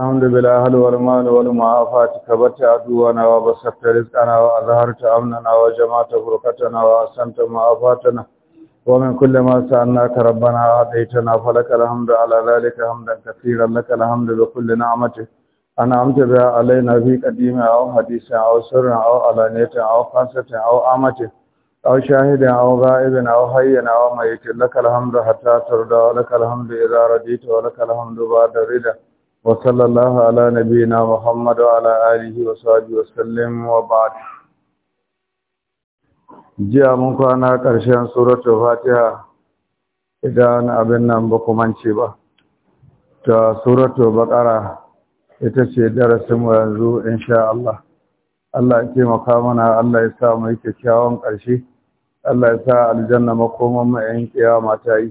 الحمد لله والمال والمعافاة كبت عدونا وبسطت رزقنا وأظهرت أمننا وجمعت فرقتنا وأحسنت معافاتنا ومن كل ما سألناك ربنا أعطيتنا فلك الحمد على ذلك حمدا كثيرا لك الحمد بكل نعمته أنعمت بها علينا في قديم أو حديث أو سر أو علانية أو خاصة أو عامة أو شاهد أو غائب أو حي أو ميت لك الحمد حتى ترضى ولك الحمد إذا رضيت ولك الحمد بعد رضا وصلى الله على نبينا محمد وعلى آله وصحبه وسلم وبعد jiya mun kwana ƙarshen suratul fatiha idan abin nan ba ku mance ba ta suratul baqara ita ce darasin mu yanzu insha Allah Allah ya taimaka mana Allah ya sa mu yi kyakkyawan ƙarshe Allah ya aljanna makoman ma yan kiyama ta yi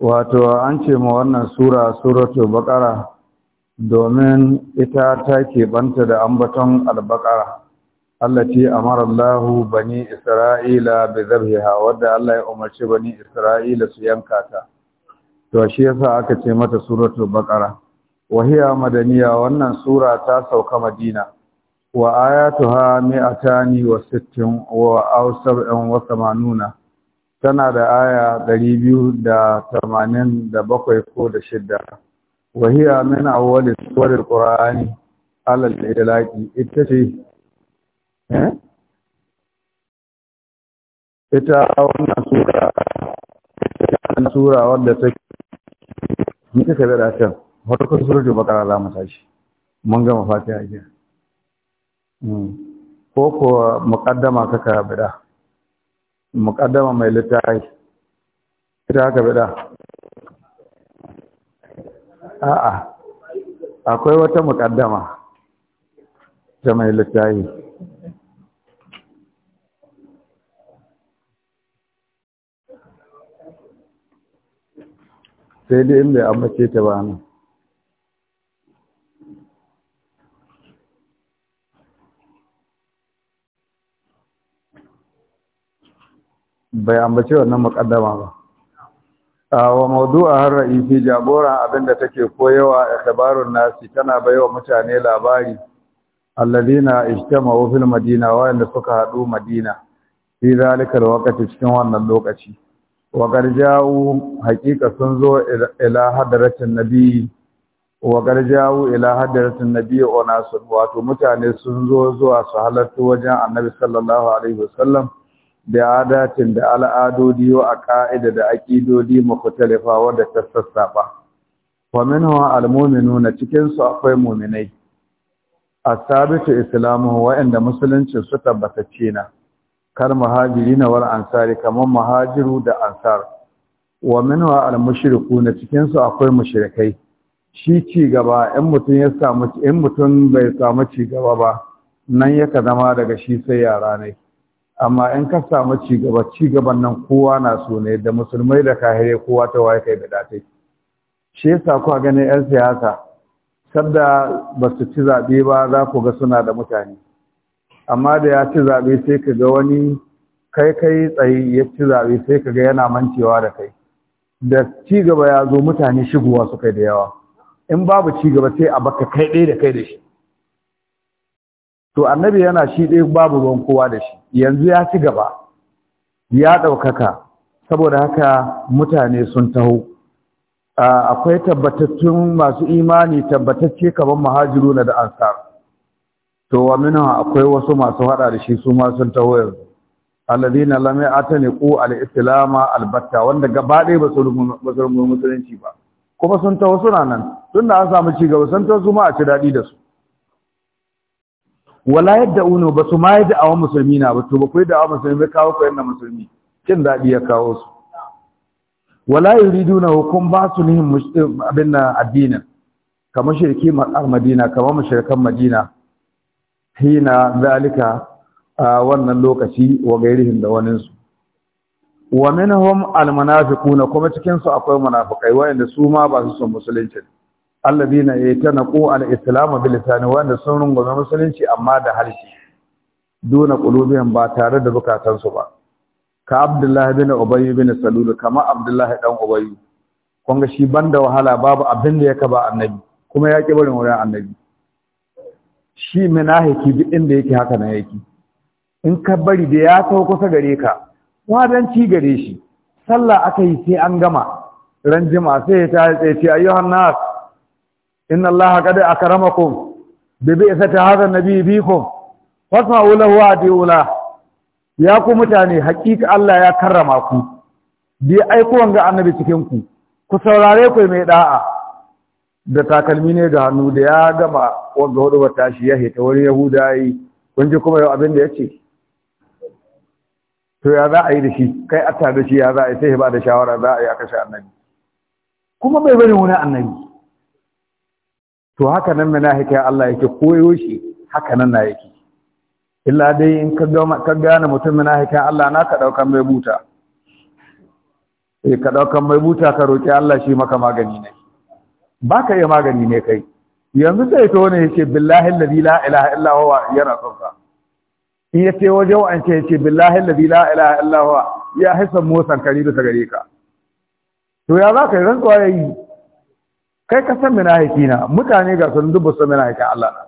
wato an ce ma wannan sura suratu baqara domin ita ta ke banta da ambaton albaqara allati amara Allahu bani Isra'ila bi dhabhiha wadda Allah ya umarci bani Isra'ila su yanka ta to shi yasa aka ce mata suratu bakara. wa hiya madaniya wannan sura ta sauka Madina wa ayatuha 260 wa ma 87 tana da aya ɗari biyu da tamanin da bakwai ko da shidda wahiya min awwali suwarar qur'ani alal ilaki ita ce eh? ita wannan sura wannan sura wadda take ni kake da can wata kan ba baqara za ta shi. mun gama fatiha ke hmm. ko ko muqaddama kaka bida muƙaddama mai littafi ita haka bida a'a akwai wata mukaddama ta mai littafi sai dai in bai ambace ta ba nan bai ambaci wannan muƙaddama ba wa mawdu'a har ra'ifi jagora abinda take koyawa ikhbarun nasi tana baiwa mutane labari alladina wa fil madina wa inda suka hadu madina fi zalikal waqti cikin wannan lokaci wa garjawu haqiqa sun zo ila hadratin nabi wa garjawu ila hadratin nabi wa nasu wato mutane sun zo zuwa su halarta wajen annabi sallallahu alaihi wasallam da adatin da al'adodi wa ka'ida da aqidodi mukhtalifa wanda ta sassaba wa minhu almu'minuna cikin su akwai mu'minai asabitu islamu wa inda musulunci su tabbata na kar muhajirina wal ansari kamar muhajiru da ansar wa minhu almushrikuna cikin su akwai mushrikai shi ci gaba in mutum ya samu in mutun bai samu ci gaba ba nan yaka zama daga shi sai yara ne amma in ka samu cigaba cigaban nan kowa na so ne da musulmai da kahire kowa ta waye kai da dace shi yasa ku ganin yan siyasa sabda ba su ci zaɓe ba za ku ga suna da mutane amma da ya ci zaɓe sai ka ga wani kai kai tsaye ya ci zaɓe sai ka ga yana mancewa da kai da cigaba ya zo mutane shigowa su kai da yawa in babu cigaba sai a baka kai ɗaya da kai da shi to annabi yana shi ɗaya babu ruwan kowa da shi yanzu ya ci gaba ya ɗaukaka saboda haka mutane sun taho akwai tabbatattun masu imani tabbatacce kamar muhajiru na da ansar to wa minha akwai wasu masu hada da shi su ma sun taho yanzu alladhina lam ne al-islam albatta wanda gaba ɗaya ba su musulunci ba kuma sun taho suna nan tunda an samu cigaba sun taho su ma a ci daɗi da su wala yadda uno ba su ma yi da'awa musulmi na ba to ba ku yi da'awa musulmi kawo ku yanna musulmi kin daɗi ya kawo su wala yuriduna hukum ba su nihin abin na addinin kamar shirki al madina kamar mushrikan madina hina zalika a wannan lokaci wa gairihin da su wa minhum al kuma cikin su akwai munafikai wayanda su ma ba su son musulunci alladina yatanaqu al-islam bil lisani wanda sun rungume musulunci amma da harshe duna qulubiyan ba tare da su ba ka abdullahi bin ubayy bin salul kama abdullahi dan ubayy kun shi banda wahala babu abin da yake ba annabi kuma ya barin wurin annabi shi ki duk inda yake haka na yake in ka bari da ya sau kusa gare ka wadanci gare shi sallah aka yi sai an gama ran jima'a sai ya ta tsaye ce ayyuhan nas inna allaha qad akramakum bi bi'sati hadha an-nabi bikum fasma'u lahu wa ati'u ya ku mutane hakika Allah ya karrama ku bi aiko wanga annabi cikin ku ku saurare ku mai da'a da takalmi ne ga hannu da ya gama wanga hudu ba tashi ya hita wani yahudayi kun ji kuma yau abin da yace to ya za a yi da shi kai atta da shi ya za a yi sai ba da shawara za a yi aka sha annabi kuma bai bari wani annabi to haka nan munafikai Allah yake koyo shi haka nan na yake illa dai in ka gane mutum munafikai Allah na ka daukan mai buta eh ka daukan mai buta ka roki Allah shi maka magani ne ba ka iya magani ne kai yanzu sai to ne yake billahi allazi la ilaha illa huwa yana sauka in yace waje an ce yake billahi allazi la ilaha illa huwa ya hisan motsan kari da gare ka to ya za ka yi rantsuwa yayi kai ka san munafiki na mutane ga sun dubu san munafiki Allah na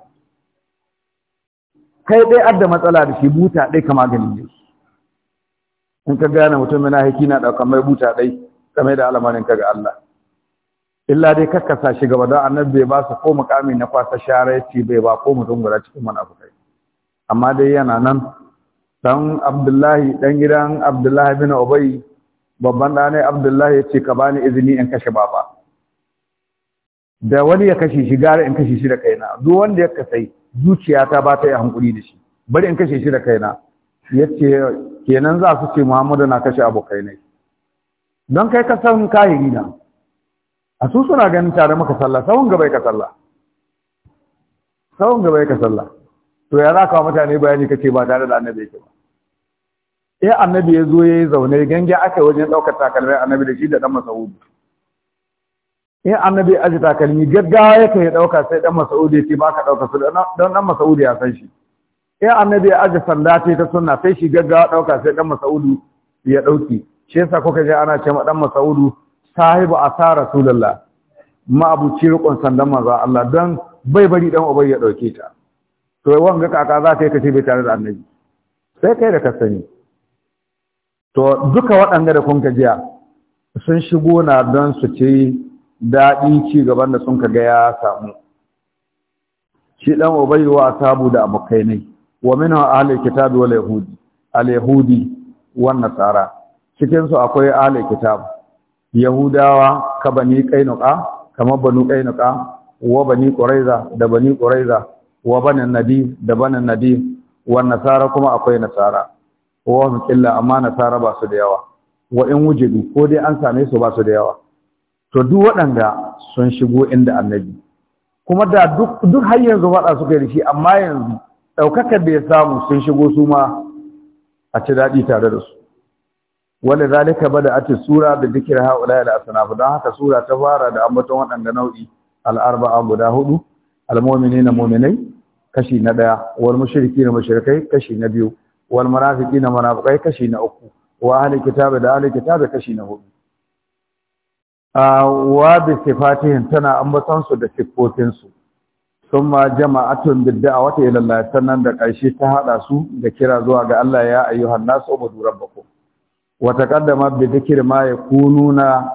kai dai adda matsala da shi buta dai kama ganin ne in ka gane mutum munafiki na dauka mai buta dai game da alamarin ka ga Allah illa dai kakkasa shi gaba don annabi bai ba su ko mukami na kwasa share ce bai ba ko mutum guda cikin munafukai amma dai yana nan dan Abdullahi dan gidan Abdullahi bin Ubay babban dane Abdullahi ya ce ka bani izini in kashe baba da wani ya kashe shi gara in kashe shi da kaina duk wanda ya kasai zuciyata ba ta yi hankuri da shi bari in kashe shi da kaina Ya ce kenan za su ce Muhammadu na kashe abokai ne don kai ka san kahiri na a su suna ganin tare maka sallah sawun gaba ka sallah sawun gaba ka sallah to ya za ka mutane bayani ce ba tare da annabi yake ba eh annabi ya zo ya yi zaune gange aka wajen ɗaukar takalmai annabi da shi da ɗan masahudu. in annabi ya aji takalmi gaggawa yakan ya ɗauka sai ɗan masaudi ya ce ba ka ɗauka su don ɗan ya san shi in annabi ya aji sanda ta ta sunna sai shi gaggawa ɗauka sai Dan masaudu ya ɗauki shi yasa kuka je ana ce ma ɗan masaudu sahibu asa rasulullah ci rikon sandan manzo Allah don bai bari ɗan ubai ya ɗauke ta to wanga kaka za ka yi kace bai tare da annabi sai kai da ka sani to duka waɗanda da kun ka jiya sun shigo na don su ce daɗin ci gaban da sun ka ga ya samu shi dan ubay wa asabu da abokai ne wa min ahli kitab wal yahudi al yahudi wan nasara cikin su akwai ahli kitab yahudawa ka bani kainuka kamar banu kainuka wa bani quraiza da bani quraiza wa bani nadir da bani nadir wan nasara kuma akwai nasara wa hum illa amma nasara ba su da yawa wa in wujidu ko dai an same su ba su da yawa to duk waɗanda sun shigo inda annabi kuma da duk har yanzu waɗa suka yi da shi amma yanzu ɗaukakar da ya samu sun shigo su ma a ci daɗi tare da su wani zalika ba da ake sura da dukkan ha'ula da asanafu don haka sura ta fara da ambaton waɗanda nau'i al'arba'a guda hudu almomini na mominai kashi na ɗaya wal mushriki na mushrikai kashi na biyu wal munafiki na munafikai kashi na uku wa ahli kitabi da ahli kitabi kashi na hudu wa bi sifatihin tana ambaton su da sifofin su summa jama'atun bid'awati ila Allah sannan da ƙarshe ta hada su da kira zuwa ga Allah ya ayyuhan nasu ubudu rabbakum wa taqaddama bi dhikri ma yakununa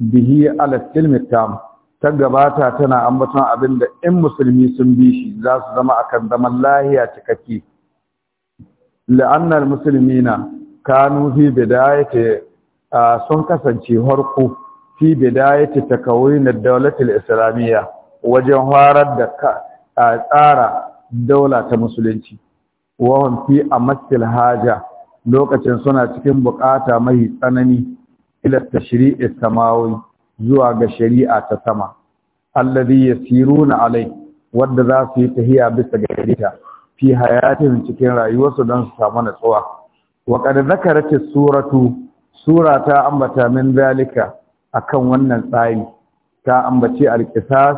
bihi ala silmi tam ta gabata tana ambaton abin da in musulmi sun bi shi za su zama akan zaman lahiya cikakke la'annar musulmina kanu fi bidayati sun kasance harku. fi bidayati takawin ad-dawlat al-islamiyya wajen harar da a tsara daula ta musulunci Wawan fi fi amatil haja lokacin suna cikin bukata mai tsanani ila tashri'i samawi zuwa ga shari'a ta sama alladhi yasiruna alai wadda za su yi tahiya bisa ga ita fi hayatin cikin rayuwarsu don su samu natsuwa wa qad zakarat suratu surata ambata min zalika akan wannan tsari ta ambace alƙisas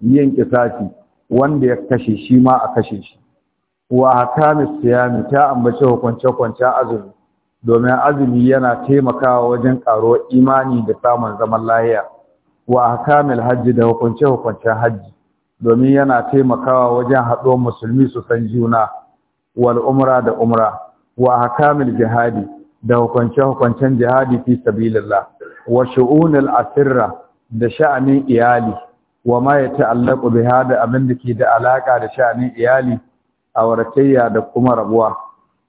yin ƙisasi wanda ya kashe shi ma a kashe shi wa hakamis siyami ta ambace hukunce-hukunce azumi domin azumi yana taimakawa wajen ƙaruwar imani da samun zaman lahiya wa hakamil hajji da hukunce-hukuncen hajji domin yana taimakawa wajen haɗuwar musulmi su san juna wal umra da umra wa hakamil jihadi da hukunce-hukuncen jihadi fi sabilillah wa shu'unul asirra da sha'anin iyali wa ma ya ta'allaqu biha da abin da ke da alaka da sha'anin iyali auratayya da kuma rabuwa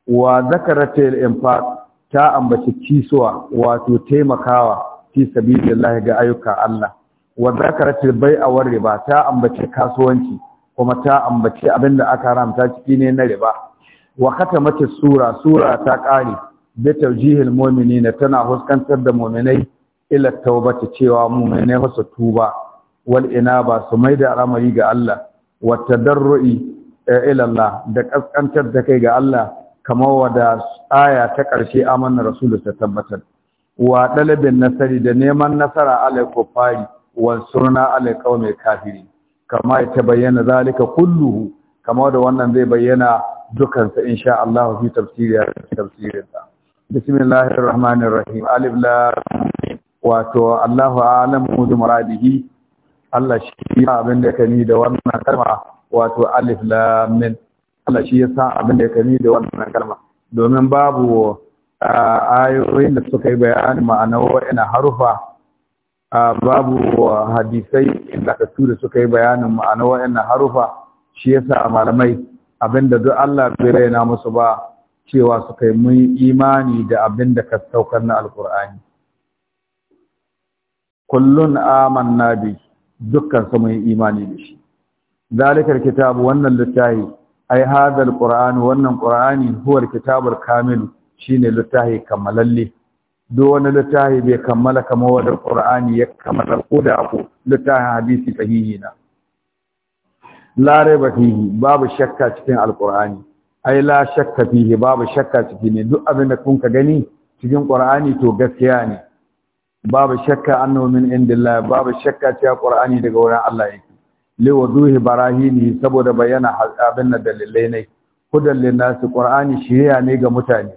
wa zakaratil infaq ta ambaci kisuwa wato taimakawa fi sabilillahi ga ayyuka Allah wa zakaratil bai'a war riba ta ambaci kasuwanci kuma ta ambaci abinda aka ramta ciki ne na riba wa khatamatis sura sura ta kare bi tawjihil mu'minina tana huskantar da mu'minai ila taubata cewa mu ne masa tuba wal inaba su mai da al'amari ga Allah wa tadarrui eh, ila Allah da kaskantar da kai ga Allah kamar wada aya ta karshe amanna rasulu ta tabbatar wa dalabin nasari da neman nasara alal kufari wa surna alal qaumi kafiri kama ya bayyana zalika kulluhu kama da wannan zai bayyana dukansa insha Allah fi tafsiri tafsirin sa bismillahir rahmanir rahim alif lam wato Allahu a'lamu bi muradihi Allah shi ya abin da kani da wannan kalma wato alif lam mim Allah shi ya sa abin da kani da wannan kalma domin babu ayoyin da suka yi bayani ma'anar wa'ina harufa babu hadisai da da suka yi bayanin ma'anar wa'ina harufa shi yasa malamai abin da duk Allah bai raina musu ba cewa suka yi mun imani da abin da ka saukar na alkur'ani kullun amanna bi dukkan su mun imani da shi zalikar kitabu wannan littafi ai hadal qur'an wannan qur'ani huwa kitabul kamil shine littafi kammalalle duk wani littafi bai kammala kamar wanda qur'ani ya kammala ko da ko littafin hadisi sahihi na la raiba babu shakka cikin alqur'ani ai la shakka fihi babu shakka cikin ne duk abin da kun ka gani cikin qur'ani to gaskiya ne babu shakka annahu min indillah babu shakka cewa qur'ani daga wurin Allah yake li wuduhi barahini saboda bayyana abin da dalilai ne hudan lin nas qur'ani shiriya ne ga mutane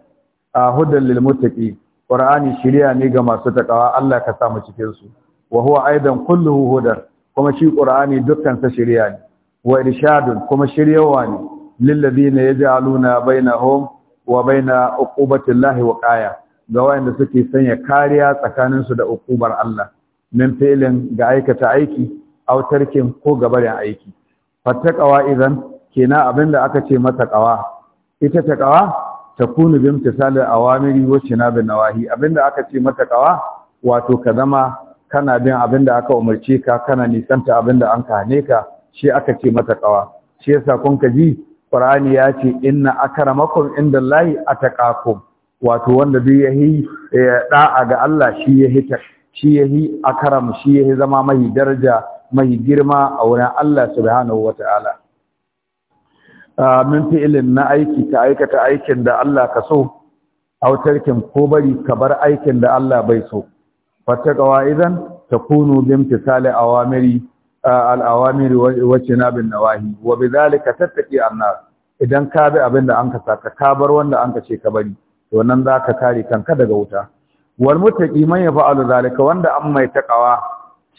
a hudan lil muttaqi qur'ani shiriya ne ga masu takawa Allah ka sa mu cikin su wa huwa aidan kulluhu hudan kuma shi qur'ani dukkan sa shiriya ne wa irshadun kuma shiryawa ne lil ladina yaj'aluna bainahum wa baina llahi wa qaya ga wayanda suke sanya kariya tsakanin su da ukubar Allah min filin ga aikata aiki autarkin ko gabarin aiki fattaqawa idan kenan abinda aka ce mata qawa ita ta qawa takunu bi imtisalil awamiri wa shinabin nawahi abinda aka ce mata qawa wato ka zama kana bin abinda aka umarce ka kana nisanta abinda an kane ka shi aka ce mata qawa shi yasa kun ka ji Qur'ani ya ce inna akramakum indallahi ataqakum wato wanda duk yahi da'a ga Allah shi ya hita, shi ya a akram shi ya zama mai daraja mai girma a wurin Allah subhanahu wataala min fi'ilin na aiki ta aikata aikin da Allah ka so autarkin ko bari ka bar aikin da Allah bai so fattaqawa idan kunu bin bimtisali awamiri al'awamiri wacce na bin nawahi wa bi zalika tattaki annas idan ka bi abin da an ka saka ka bar wanda an ka ce ka bari to nan za ka kare kanka daga wuta wal mutaqi man yaf'alu zalika wanda an mai takawa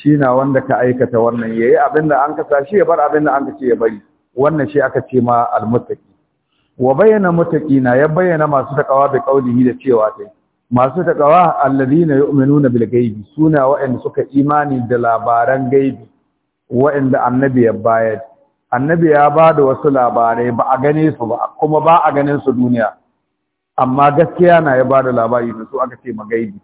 na wanda ka aikata wannan yayi abinda an kasa shi ya bar abinda an kace ya bari wannan shi aka ce ma al mutaqi wa bayyana muttaqina ya bayyana masu takawa bi qaulihi da cewa sai. masu takawa alladhina yu'minuna bil ghaibi suna wa'anda suka imani da labaran gaibi wa'anda annabi ya bayar annabi ya ba wasu labarai ba a gane su ba kuma ba a ganin su duniya amma gaskiya na ya bada labari da su aka ce magaidi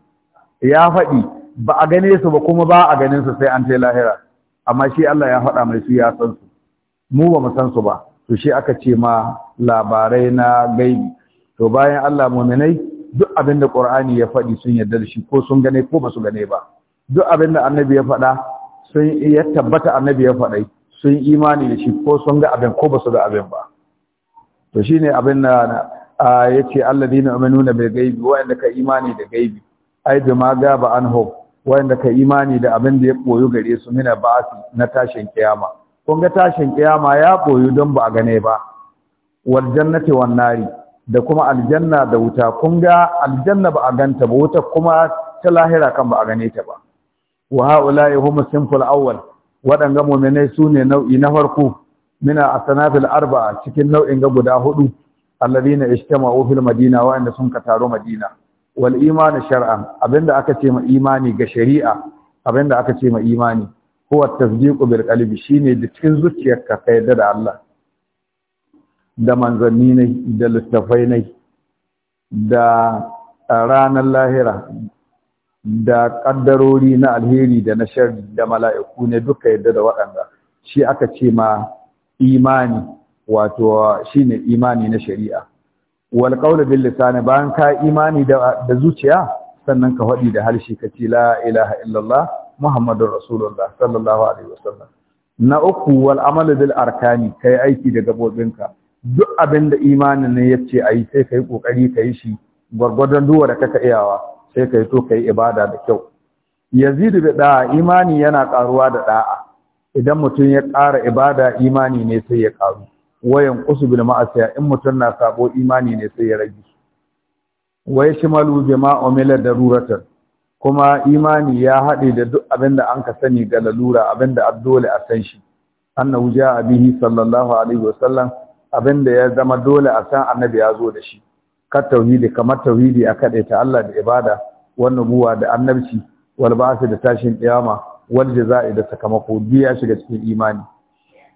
ya faɗi ba a gane su ba kuma ba a ganin su sai an ce lahira amma shi Allah ya faɗa mai su ya san su mu ba mu san su ba to shi aka ce ma labarai na gaibi to bayan Allah mu'minai duk abin da Qur'ani ya faɗi sun yarda da shi ko sun gane ko ba su gane ba duk abin da annabi ya faɗa sun ya tabbata annabi ya faɗa sun imani da shi ko sun ga abin ko ba su ga abin ba to shine abin da ya ce alladina nuna bil gaibi wa'anda ka imani da gaibi ai da ma gaba anhu wa'anda ka imani da abin da ya koyo gare su mina ba'asi na tashin kiyama kun ga tashin kiyama ya koyo don ba a gane ba wal jannati wan nari da kuma aljanna da wuta kun ga aljanna ba a ganta ba wuta kuma ta lahira kan ba a gane ta ba wa haula'i hum awwal waɗanga mu'minai sune nau'i na farko mina asanatul arba'a cikin nau'in guda hudu alladhina ijtama'u fil madina wa inda sun ka taro madina wal imanu shar'an abinda aka ce ma imani ga shari'a abinda aka ce ma imani huwa tasdiqu bil qalbi shine da cikin zuciyar ka yarda da Allah da manzanni ne da littafai ne da ranar lahira da ƙaddarori na alheri da na shari da mala'iku ne duka yarda da waɗanda shi aka ce ma imani wato shine imani na shari'a wal qawlu bil bayan ka imani da zuciya sannan ka faɗi da harshe ka ce la ilaha illallah muhammadur rasulullah sallallahu alaihi wasallam na uku wal amalu bil arkani kai aiki da gabobinka duk abin da imanin ne yace ayi sai kai kokari kai shi gwargwadon duwa da kaka iyawa sai kai to kai ibada da kyau yazidu da da'a imani yana ƙaruwa da da'a idan mutum ya ƙara ibada imani ne sai ya ƙaru. wayan qusu bil ma'asiya in mutun na sabo imani ne sai ya rage shi shimalu jama'a umila daruratan kuma imani ya haɗe da duk abinda an ka sani ga lalura abinda dole a san shi annahu ja'a bihi sallallahu alaihi wasallam abinda ya zama dole a san annabi ya zo da shi ka tauhidi kamar tauhidi a ta Allah da ibada Wannan nubuwa da annabci wal ba'th da tashin kiyama wal jaza'i da sakamako biya shiga cikin imani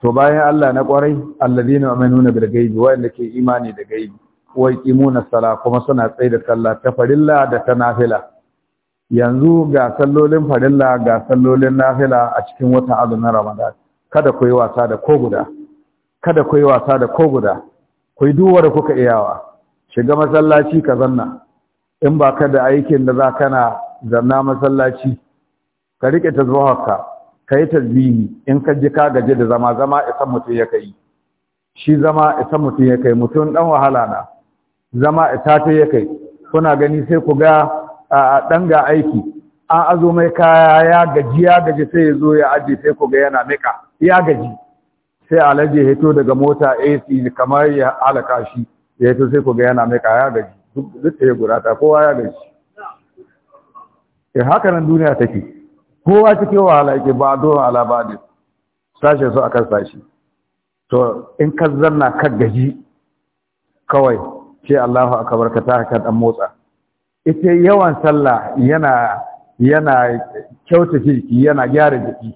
to bayan Allah na kwarai nuna amanuna bil ghaibi waɗanda ke imani da ghaibi Wai yuqimuna sala kuma suna tsaye da sallah ta farilla da ta nafila yanzu ga sallolin farilla ga sallolin nafila a cikin watan azumin Ramadan kada ku yi wasa da ko guda kada ku yi wasa da ko guda ku yi duwar kuka iyawa shiga masallaci ka zanna in ba ka da aikin da za kana zanna masallaci ka rike tazbaharka kai tarbihi in ka ji ka gaje da zama zama isan mutum ya kai shi zama isan mutum ya kai mutum dan wahala na zama isa ta ya kai kuna gani sai ku ga dan ga aiki an azo mai kaya ya gaji ya gaji sai ya zo ya aje sai ku ga yana mika ya gaji sai alaje hito daga mota AC kamar ya halaka shi ya hito sai ku ga yana mika ya gaji duk da ya gurata kowa ya gaji eh haka nan duniya take kowa cikin wahala yake ba don alabadi sashe su akan sashi to in ka zanna ka gaji kawai ce Allahu akbar ka ta ka dan motsa ita yawan sallah yana yana kyauta jiki yana gyara jiki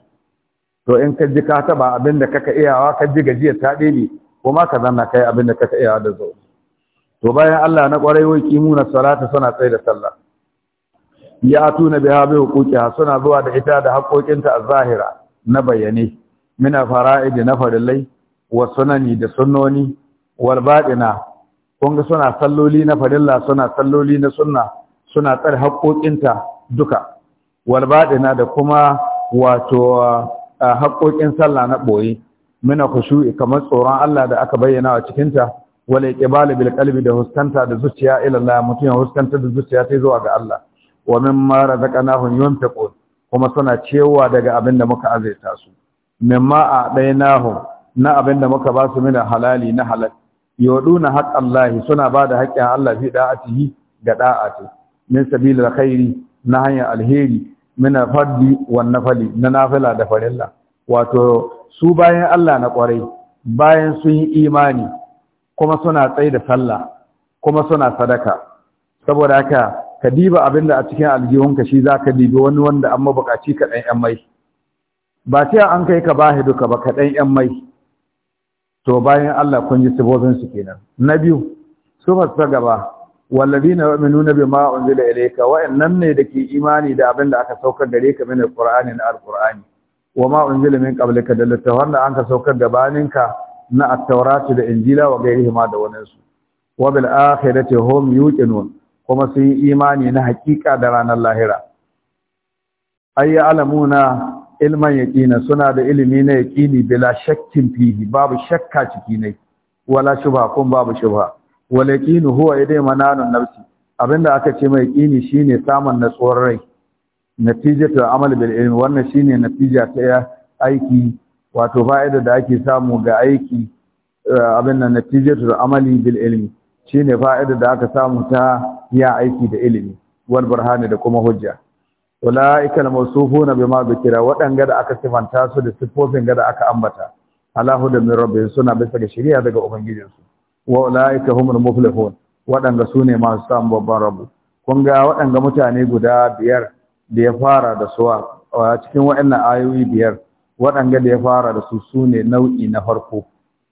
to in ka ji ka taba abin kaka iyawa ka ji gajiyar ta ko kuma ka zanna kai abin da kaka iyawa da zo to bayan Allah na kwarai mu kimuna salata suna tsaye da sallah ya tuna biha bi huquqiha suna zuwa da ita da haƙoƙinta a zahira na bayyane mina fara'idi na farillai wa sunani da sunnoni wal baɗina kun ga suna salloli na farilla suna salloli na sunna suna tsare haƙoƙinta duka wal baɗina da kuma wato haƙoƙin sallah na ɓoye mina khushu'i kamar tsoron Allah da aka bayyana a ta wal iqbal bil qalbi da huskanta da zuciya ila Allah mutum ya huskanta da zuciya sai zuwa ga Allah wa mimma razaqnahum yunfiqun kuma suna cewa daga abin da muka azaita su mimma a'dainahum na abin da muka ba su mina halali na halal yoduna haqqallahi suna ba da haƙƙin Allah fi da'atihi ga da'ati min sabilil khairi na hanyar alheri min fardi wan nafali na nafila da farilla wato su bayan Allah na kwarai bayan sun yi imani kuma suna tsaye da sallah kuma suna sadaka saboda haka ka diba abin da a cikin aljihunka shi za ka dibi wani wanda an mabukaci ka ɗan ‘yan mai ba ce an kai ka ba duka ba ka ɗan ‘yan mai to bayan Allah kun ji su kenan na biyu su ta gaba wallazina yu'minuna bima unzila ilayka wa nan ne da ke imani da abin da aka saukar gare ka min alqur'ani na alqur'ani wa ma da min qablika da littafan da anka saukar da baninka na at-taurati da injila wa hima da wani su wa bil akhirati hum yuqinun kuma sun yi imani na hakika da ranar lahira alamu alamuna ilman yaƙina suna da ilimi na yaƙini bila shakkin fihi babu shakka ciki ne wala shubha kun babu shubha wala yaqinu huwa yadai mananun Abin abinda aka ce mai shi shine samun natsuwar rai ta amal bil ilmi wannan shine natija ta aiki wato fa'ida da ake samu ga aiki eh, abin nan ta amali bil ilmi Shi ne fa'ida da aka samu ta ya aiki da ilimi wal burhani da kuma hujja masu huna mawsufuna bima dhikira waɗanga da aka sifanta su da sifofin gada aka ambata alahu da min rabbi suna bisa ga shari'a daga ubangijinsu wa ulaika humul muflihun su ne masu samun babban rabu kun ga waɗanga mutane guda biyar da ya fara da su a cikin waɗannan ayoyi biyar waɗanga da ya fara da su sune nau'i na farko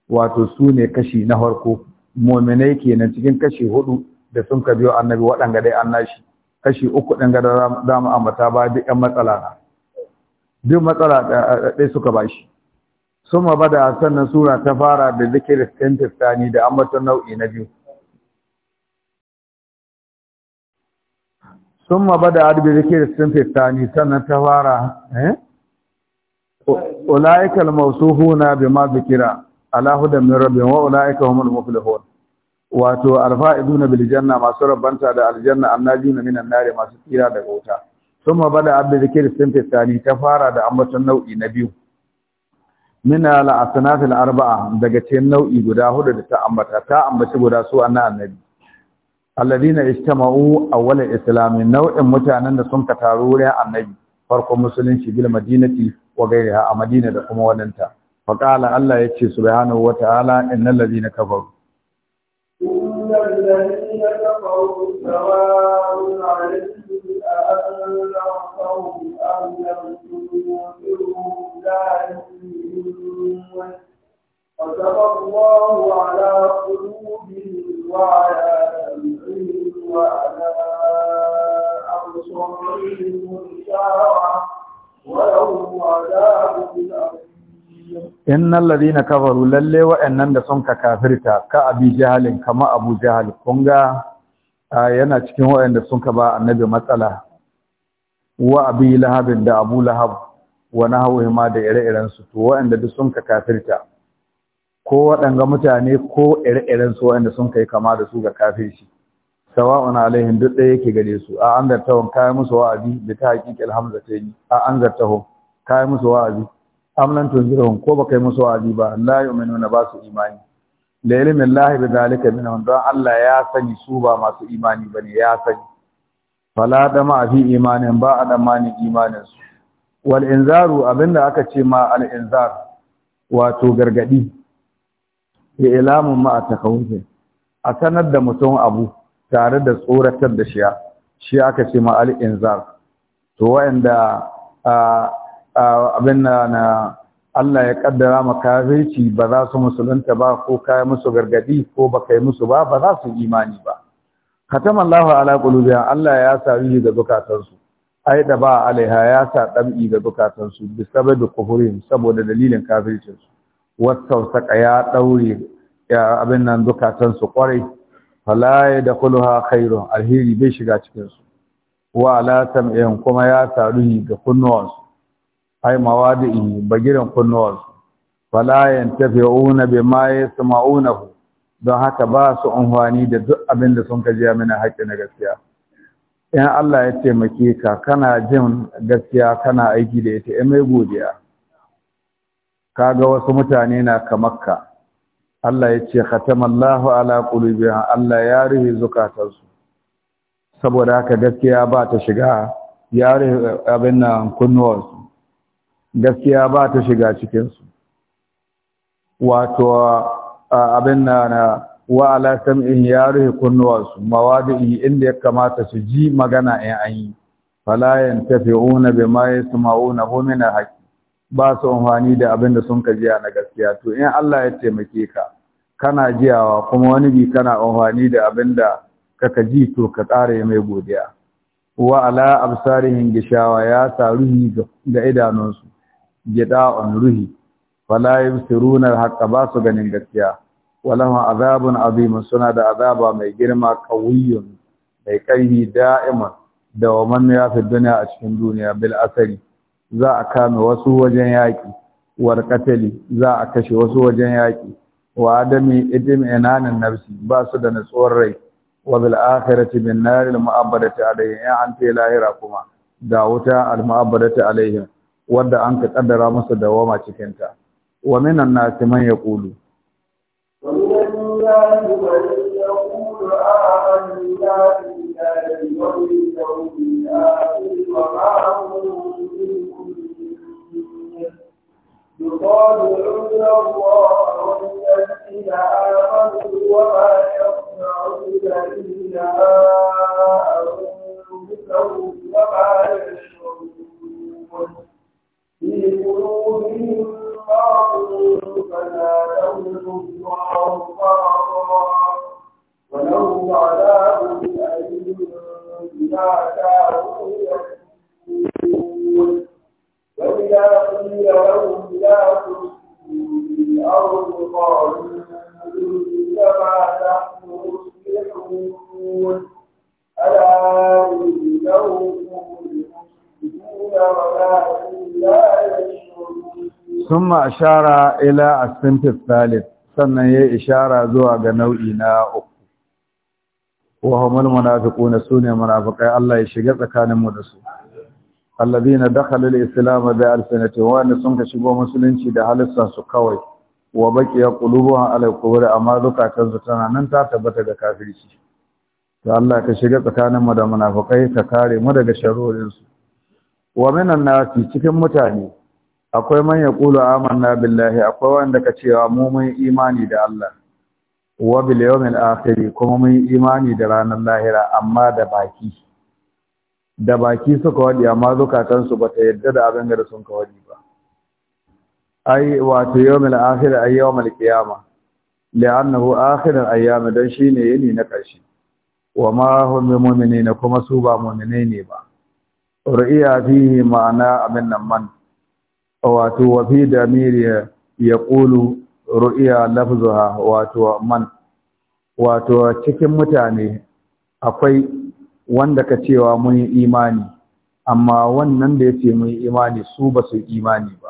wato sune kashi na farko mu'minai kenan cikin kashi hudu da sun ka biyo annabi waɗanga dai an nashi kashi uku ɗin gada za mu ambata ba duk ƴan matsala na duk matsala eh, eh, ɗai suka ba shi sun ma bada sannan sura ta fara da zikirin tintistani da ambaton nau'i na biyu sun ma bada arbi zikirin tintistani sannan ta fara eh ulaikal mausuhuna ma zikira ala hudan min rabbihim wa ulaika humul muflihun wato alfa'iduna bil janna masu rabbanta da aljanna annajuna minan nar masu tsira daga wuta thumma bada abdu zikr sinfi tsani ta fara da ambaton nau'i na biyu min al asnaf al arba'a daga cikin nau'i guda hudu da ta ambata ta ambaci guda su annabi alladina ijtama'u awwal al-islam nau'in mutanen da sun ka taro wurin annabi farkon musulunci bil madinati wa gairiha a madina da kuma wadanta faƙala Allah ya ce subhanahu wa ta'ala in ladina kafaru innal ladina kafaru sawa'un 'alayhim أأنذرتهم أم لم تنذرهم لا innal ladina kafaru lalle wa'annan da sun ka kafirta ka abi jahalin kama abu jahal kunga yana cikin wa'anda sun ka ba annabi matsala wa abi lahabin da abu lahab wa nahawhi ma da ire-iren su to wa'anda duk sun ka kafirta ko waɗanga mutane ko ire-iren su wa'anda sun kai kama da su ga kafirci sawa'un alaihim duk ɗaya yake gare su a an zartahum kai musu wa'azi da ta haƙiƙa alhamdulillah a an zartahum kai musu wa'azi amnan tunzirhum ko baka yi musu wa'azi ba la yu'minuna ba su imani da ilimin lahi bi zalika minhum don Allah ya sani su ba masu imani bane ya sani fala ma fi imanin ba adamani imanin su wal inzaru abinda aka ce ma al inzar wato gargadi ya ilamun ma a takawunce a sanar da mutum abu tare da tsoratar da shiya shi aka ce ma al inzar to wa'anda abin na Allah ya kaddara makafirci ba za su musulunta ba ko kai musu gargadi ko ba kai musu ba ba za su imani ba lafa ala qulubihim Allah ya sa rihi ga zukatansu ai da ba alaiha ya sa ɗan'i ga zukatansu bi da kuhurin saboda dalilin kafircinsu. Wasu saka ya ɗaure abin nan zukatansu kwarai fala yadkhuluha khairun alheri bai shiga cikinsu. wa ala ƴan kuma ya sa rihi ga kunnuwansu ai mawadi'i bagiran kunnuwansu wala yantafi'una bima yasma'unahu don haka ba su unhwani da duk abin da sun kaji mana haƙƙi na gaskiya in Allah ya taimake ka kana jin gaskiya kana aiki da ita ya mai godiya kaga wasu mutane na kamar ka Allah ya ce khatamallahu ala qulubiha Allah ya rufe zukatansu saboda haka gaskiya ba ta shiga ya rufe abin nan su gaskiya ba ta shiga cikinsu wato abin na na wa ala sam'in ya rufe kunnuwarsu mawadi'i inda ya kamata su ji magana in an yi fala yantafi'una bima yasma'una hu min al-haqq ba su amfani da abin da sun ka jiya na gaskiya to in Allah ya taimake ka kana jiyawa kuma wani bi kana amfani da abin da kaka ji to ka ƙara mai godiya wa ala absarihin gishawa ya saruhi ga idanunsu gida'un ruhi wala yusiruna haqqa ba su ganin gaskiya walahu azabun azim suna da azaba mai girma qawiyun mai ƙarfi da'iman da waman ya fi duniya a cikin duniya bil asari za a kame wasu wajen yaƙi war katali za a kashe wasu wajen yaƙi wa adami idim inanin nafsi ba su da natsuwar rai wa bil akhirati bin naril mu'abbadati alayhi ya an fi lahira kuma Da wuta al mu'abbadati alaihim wanda an ka kaddara masa dawama cikin ta wa minan nasi man yaqulu wa minan nasi في قلوبهم مرض فزادهم الله مرضا ولهم عذاب أليم بما كانوا يكفرون وإذا قيل لهم لا تفسدوا في الأرض قالوا إنما نحن مصلحون ألا إنهم ثم أشار ila الصنف الثالث sannan ya ishara zuwa ga nau'i na uku wahumul munafiquna sune munafiqai Allah ya shiga tsakanin da su alladhina dakhalu al-islam bi alsanati wa sun ka shigo musulunci da halitta su kawai wa baqiya qulubuhum ala amma zukatan su tana nan ta tabbata ga kafirci to Allah ka shiga tsakanin mu da munafukai ka kare mu daga sharorin wa minan nasi cikin mutane akwai man yaqulu amanna billahi akwai wanda ka cewa mu mun imani da Allah wa bil yawmil akhir kuma mun imani da ranar lahira amma da baki da baki suka wadi amma zukatan su bata yadda da abin da sun ka wadi ba ai wato yawmil akhir ay yawmil qiyamah li'annahu al ayyam dan shine yini na karshe wa ma hum mu'minina kuma su ba mu'minai ne ba ru'iya fihi ma'ana abin nan man wato wa fi damiri ya qulu ru'iya lafzuha wato man wato cikin mutane akwai wanda ka cewa mun yi imani amma wannan da yace mun yi imani su ba su imani ba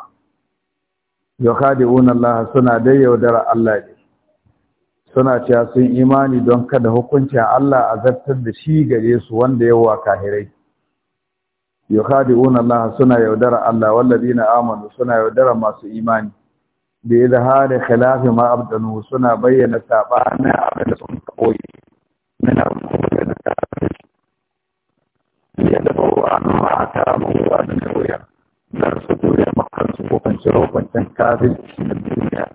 yukhadi'una Allah suna dai yaudara Allah ne suna cewa sun imani don kada hukuncin Allah a zartar da shi gare su wanda yawa kahirai yukhadi'una Allah suna yaudara Allah walladina amanu suna yaudara masu imani da izhari khilafi ma abdanu suna bayyana sabana abin da sun koyi min al-qur'an da ta da kafirci yadabu anhu atamu wa nawiya dan su koya makan su ko kan shiro kan kan kafirci na duniya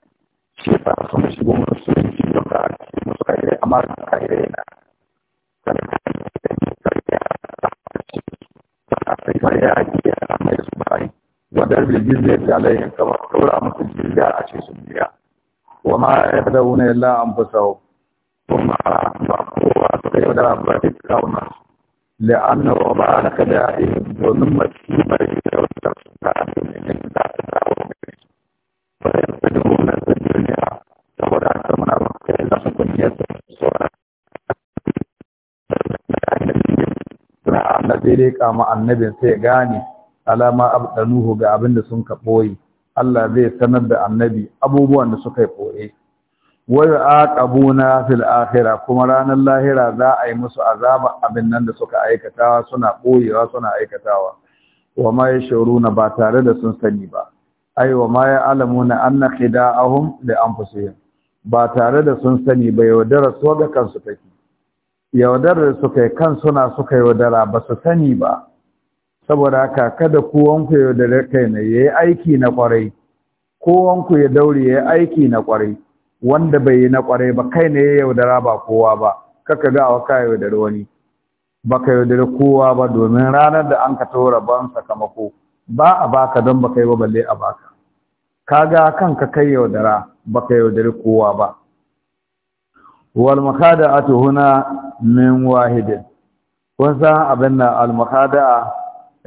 shi ba su mu shigo musulunci da ka ci musu kai amma kai na faya ke mai su zai ta da yin kama kawar a mutum bi da a ya da wuna ya la an fusa kuma ba kowa su kai wadda ba ta kawo masu la'an na ba da kada a yi domin mace mai leƙa ma annabin sai ya gane alama abdanuhu ga abin da sun ka Allah zai sanar da annabi abubuwan da suka yi ɓoye wai aqabuna fil akhirah kuma ranar lahira za a yi musu azaba abin nan da suka aikatawa suna ɓoyewa suna aikatawa wa ma yashuruna ba tare da sun sani ba ai wa ma ya'lamuna anna khida'ahum li anfusihim ba tare da sun sani ba yaudara so ga kansu take yaudarar suka yi kan suna suka yaudara ba su sani ba saboda haka kada kowanku yaudare kai na ya yi aiki na kwarai kowanku ya daure ya yi aiki na kwarai wanda bai yi na kwarai ba kai na ya yaudara ba kowa ba kaka ga wa ka yaudare wani ba ka yaudare kowa ba domin ranar da an ka tora ban sakamako ba a baka don ba kai ba balle a baka kaga kanka kai yaudara ba ka yaudare kowa ba wal mukhada'atu huna min wahidin kun san abin nan al mukhada'a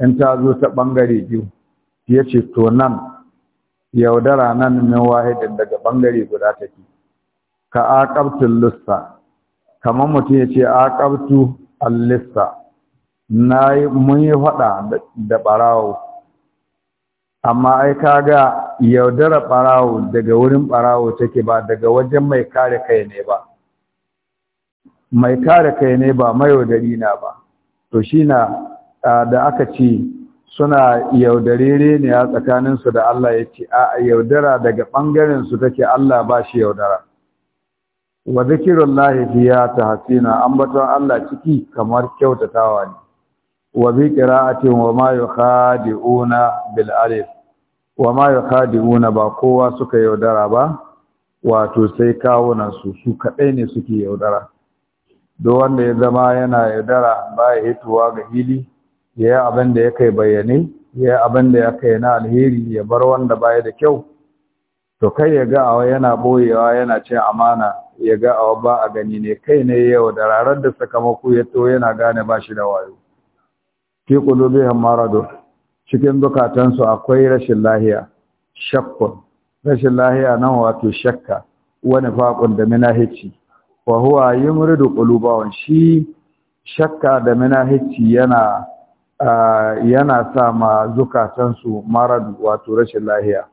in ta zo ta bangare biyu yace to nan yaudara nan min wahidin daga bangare guda take ka aqabtu lissa kamar mutum yace aqabtu al lissa nayi mun yi fada da barawo amma ai kaga yaudara barawo daga wurin barawo take ba daga wajen mai kare kai ne ba mai kare kai ne ba mayaudari na ba to shi na da aka ce suna yaudarere ne a tsakaninsu da Allah ya ce a yaudara daga ɓangarensu take Allah ba shi yaudara wa zikirun lahi ya ta hasina ambaton Allah ciki kamar kyautatawa ne wa a qira'atin wa ma yukhadi'una bil alif wa ma ba kowa suka yaudara ba wato sai kawunansu su kaɗai ne suke yaudara duk wanda ya zama yana yaudara baya hituwa ga hili ya yi abin da ya kai bayyane ya yi abin da ya kai na alheri ya bar wanda baya da kyau to kai ya ga awa yana boyewa yana cin amana ya ga awa ba a gani ne kai ne yau da rarar da sakamako ya to yana gane ba shi da wayo fi qulubihim da cikin zukatansu akwai rashin lahiya shakkun rashin lahiya nan wato shakka wani faƙun da minahici wa huwa yumridu qulubahum shi shakka da munafici yana yana sa ma zukatansu marad wato rashin lahiya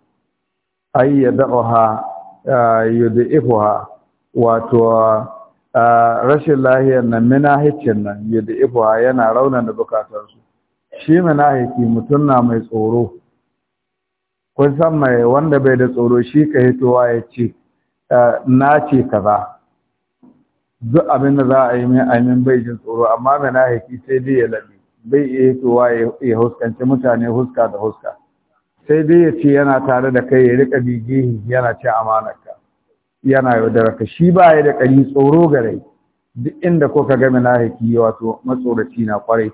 ay yad'uha yud'ifuha wato rashin lahiyar nan munahicin nan yud'ifuha yana raunana zukatansu shi munahici mutum na mai tsoro kun san mai wanda bai da tsoro shi ka hitowa ya ce na ce kaza duk abin da za a yi min aimin bai jin tsoro amma mai nahiki sai dai ya laɓe bai iya hitowa ya huskanci mutane huska da huska sai dai ya ce yana tare da kai ya rika bigihi yana ce amanarka yana yaudara ka. shi ba ya da ƙari tsoro gare duk inda kuka ga mai yi, wato matsoraci na kwarai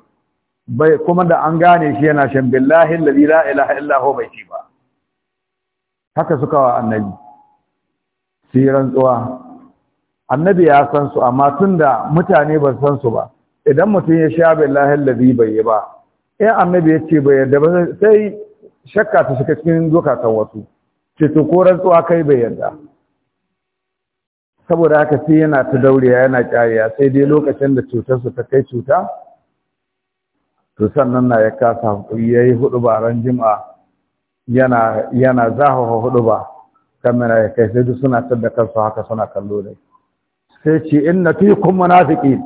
bai kuma da an gane shi yana shan billahi lalli la ilaha illa bai ci ba haka suka wa annabi sai rantsuwa annabi ya san su amma da mutane ba san su ba idan mutum ya sha billahi allazi bai yi ba in annabi ya ce bai yarda ba sai shakka ta shiga cikin zukatan wasu ce to ko rantsuwa kai bai yarda saboda haka sai yana ta dauriya yana kyariya sai dai lokacin da cutar ta kai cuta to sannan na ya kasa ya yi hudu ba ran jim'a yana yana zahawa hudu ba kamar ya kai sai duk suna tadda su haka suna kallo da dai sai ce in fi kun munafiqin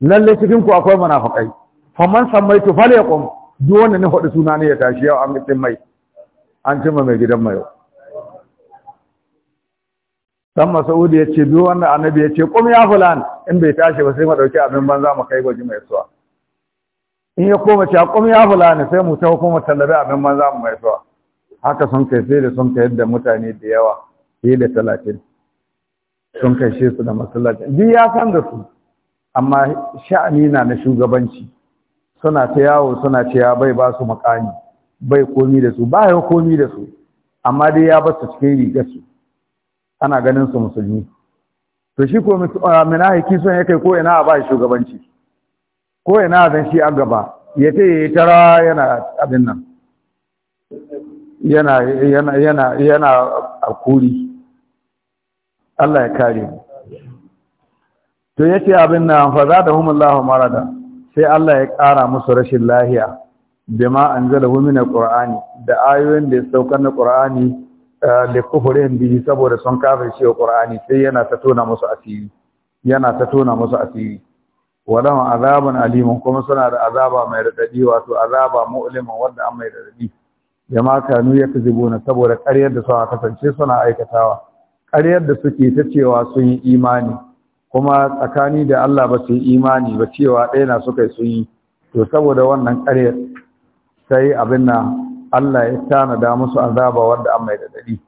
lalle cikin ku akwai munafikai faman sammaitu falyaqum duk wanda ne hudu suna ne ya tashi yau an gitsin mai an cimma mai gidan mai dan Mas'ud ya ce duk wanda annabi ya ce qum ya fulan in bai tashi ba sai mu dauki abin banza mu kai gwaji mai suwa in ya koma ce qum ya fulan sai mu ta hukuma tallabi abin banza mu mai suwa haka sun kai sai da sun kai yadda mutane da yawa fiye da talatin sun kashe su da masallaci duk ya san da su amma sha'ani na na shugabanci suna ta yawo suna cewa bai ba su makani bai komi da su ba ya komi da su amma dai ya basu cikin rigar su ana ganin su musulmi to shi ko minahiki ah, son ya kai ko ina a ba shugabanci ko ina zan shi an gaba ya ce ya yi tara yana abin nan yana yana yana a Allah ya kare mu to ce abin nan fa da Mara marada sai Allah ya ƙara musu rashin lahiya bima anzalahu min alqur'ani da ayoyin da ya saukar na qur'ani da eh, kufurin biyu saboda sun kafirce wa qur'ani sai yana ta tona musu asiri yana ta tona musu asiri walau azaban alimun kuma suna da azaba mai radadi wato azaba mu'liman wanda an mai radadi jama'a kanu yakzibuna saboda ƙaryar da suna kasance suna aikatawa ƙaryar da suke ta cewa sun yi imani kuma tsakani da Allah ba su yi imani ba cewa ɗaya na suka sun yi to saboda wannan ƙaryar sai abin na Allah ya tanada musu azaba wanda an mai dadi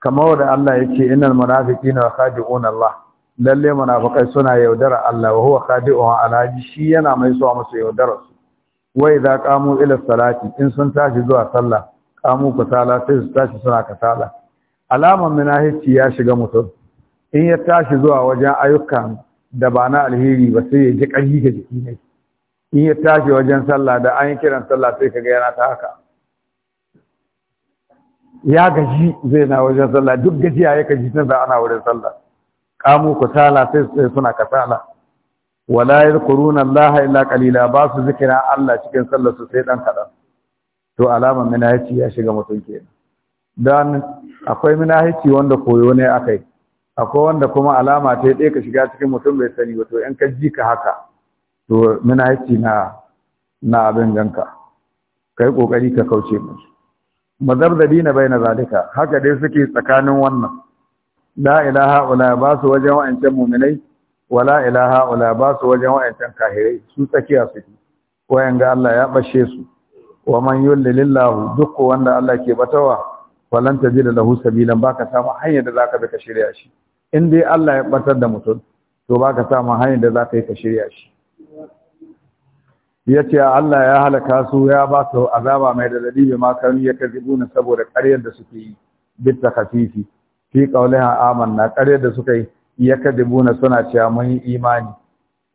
kamar wanda Allah ya ce innal na wa khadi'un Allah lalle munafiqai suna yaudara Allah wa huwa khadi'un alaji shi yana mai suwa masu yaudara su wa idza qamu ila salati in sun tashi zuwa sallah qamu kasala sai su tashi suna kasala alaman munahici ya shiga mutum in ya tashi zuwa wajen ayyukan da ba na alheri ba sai ya ji ƙarfi ga jiki ne in ya tashi wajen sallah da an yi kiran sallah sai ka ga yana ta haka ya gaji zai na wajen sallah duk gajiya ya gaji tun da ana wurin sallah kamu tala sai sai suna kasala wala yadhkuruna Allah illa qalila ba su zikira Allah cikin sallar su sai dan kadan to alaman munahici ya shiga mutum kenan don akwai minahici wanda koyo ne akai akwai wanda kuma alama ta ɗaya ka shiga cikin mutum bai sani ba to in ka ji ka haka to minahici na na abin ganka ka kokari ka kauce musu mazardadi na bai na zalika haka dai suke tsakanin wannan la ilaha ula ba su wajen wa'ancan muminai wala ilaha ula ba su wajen wa'ancan kahirai su tsakiya suke wayan ga Allah ya bashe su wa man yulli lillahu duk wanda Allah ke batawa falan tajida lahu Ba baka samu hanyar da zaka bi ka shirya shi in dai Allah ya batar da mutum to baka samu hanyar da zaka yi ka shirya shi Ya ce Allah ya halaka su ya ba su azaba mai da bi ma kan yakazibuna saboda ƙaryar da suke yi bitta khafifi fi qawliha amanna ƙaryar da suka yi ya yakazibuna suna cewa mun imani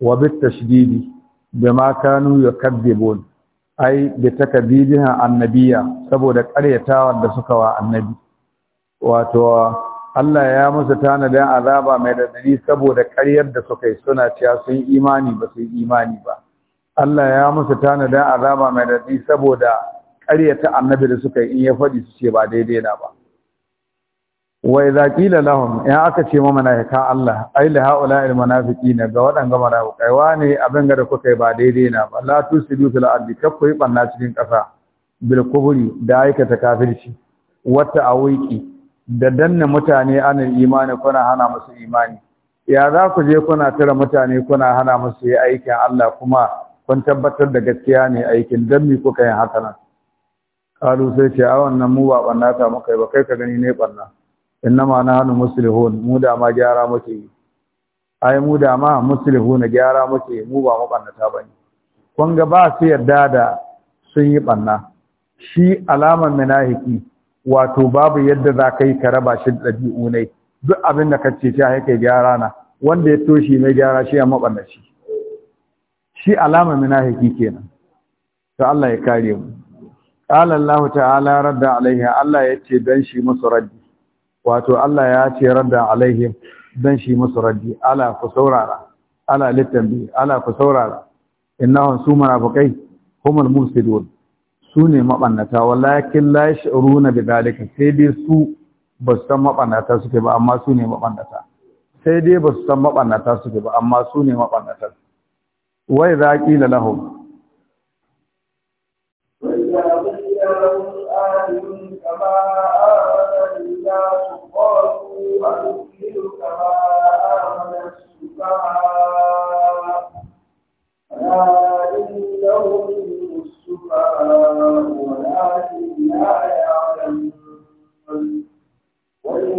wa bit tashdidi bima kanu yakazzibun ai bi takabidina annabiya saboda ƙaryatawar da suka wa annabi wato Allah ya musu tanadin azaba mai dadari saboda ƙaryar da suka yi suna cewa sun imani ba sun imani ba Allah ya musu tanadin azaba mai dadari saboda ƙaryata annabi da suka yi in ya faɗi su ce ba daidai na ba Wai idza qila lahum in aka ce ma malaika Allah ai la haula al ne ga waɗanga malakai ne abin ga da kuka yi ba daidai na ba la tusidu fil ardi kafu yi banna cikin kasa bil kubri da aikata kafirci wata awiki da danna mutane anan imani kuna hana musu imani ya za ku je kuna tara mutane kuna hana musu yi aikin Allah kuma kun tabbatar da gaskiya ne aikin dan mi kuka yin haka nan kalu sai ce a wannan mu ba banna ta muka yi ba kai ka gani ne banna innama nahnu muslihun mu da ma gyara muke yi ai mu da ma muslihun gyara muke mu ba mabannata bane kun ga ba su yarda da sun yi banna shi alama munafiki wato babu yadda za ka yi ka raba shi da ɗabi'u ne duk abin da ka ce ta haka gyara na wanda ya toshi mai gyara shi ya mabanna shi Shi alama munafiki kenan to Allah ya kare mu qala Allah ta'ala radda alaiha Allah yace dan shi musu raddi wato Allah ya ce radda alaihim dan shi musu raddi ala ku saurara ala litambi ala ku saurara innahum su munafiqai humul mufsidun su ne mabannata walakin la yash'uruna bidalika sai dai su ba su san mabannata suke ba amma su ne mabannata sai dai ba su san mabannata suke ba amma su ne mabannata wai za qila lahum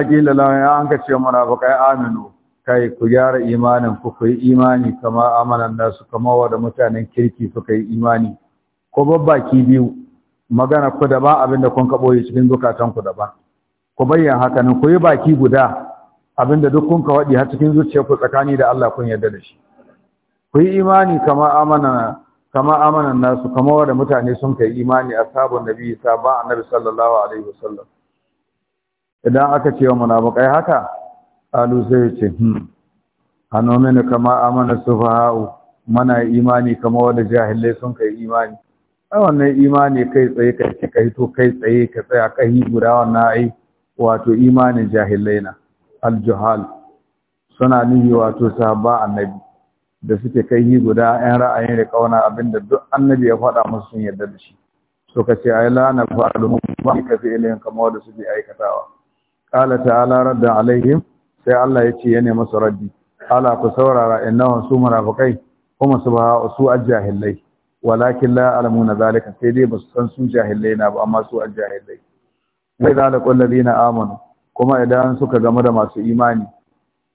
idza qila la ya an kace munafiqai aminu kai ku gyara imanin ku ku yi imani kama amanan nasu kama wa da mutanen kirki suka yi imani ko babbaki biyu magana ku da ba abinda kun kabo yi cikin zukatan ku da ba ku bayyana haka nan ku yi baki guda abinda duk kun ka wadi har cikin zuciyarku tsakani da Allah kun yarda da shi ku yi imani kama amana kama amanan nasu kama wa da mutane sun kai imani ashabun nabi sabon annabi sallallahu alaihi wasallam idan aka ce wa munafiqai haka alu sai ce hmm mene kama amana sufaha'u mana imani kama wanda jahilai sun kai imani ai wannan imani kai tsaye kai ce kai to kai tsaye ka tsaya kai guda wannan ai wato imanin jahilai na aljuhal suna nihi wato sahaba annabi da suke kai yi guda ƴan ra'ayin da kauna abinda duk annabi ya faɗa musu sun yarda da shi so ka ce ai la na fa'alu ba ka fi ilayen kamar wanda suke aikatawa qala ta'ala radda alaihim sai Allah ya ce ya ne masu raddi ala ku saurara innahum su munafiqai kuma su ba su ajahilai walakin la alamuna zalika sai dai basu san su jahilai na ba amma su ajahilai sai zalika alladhina amanu kuma idan suka gamu da masu imani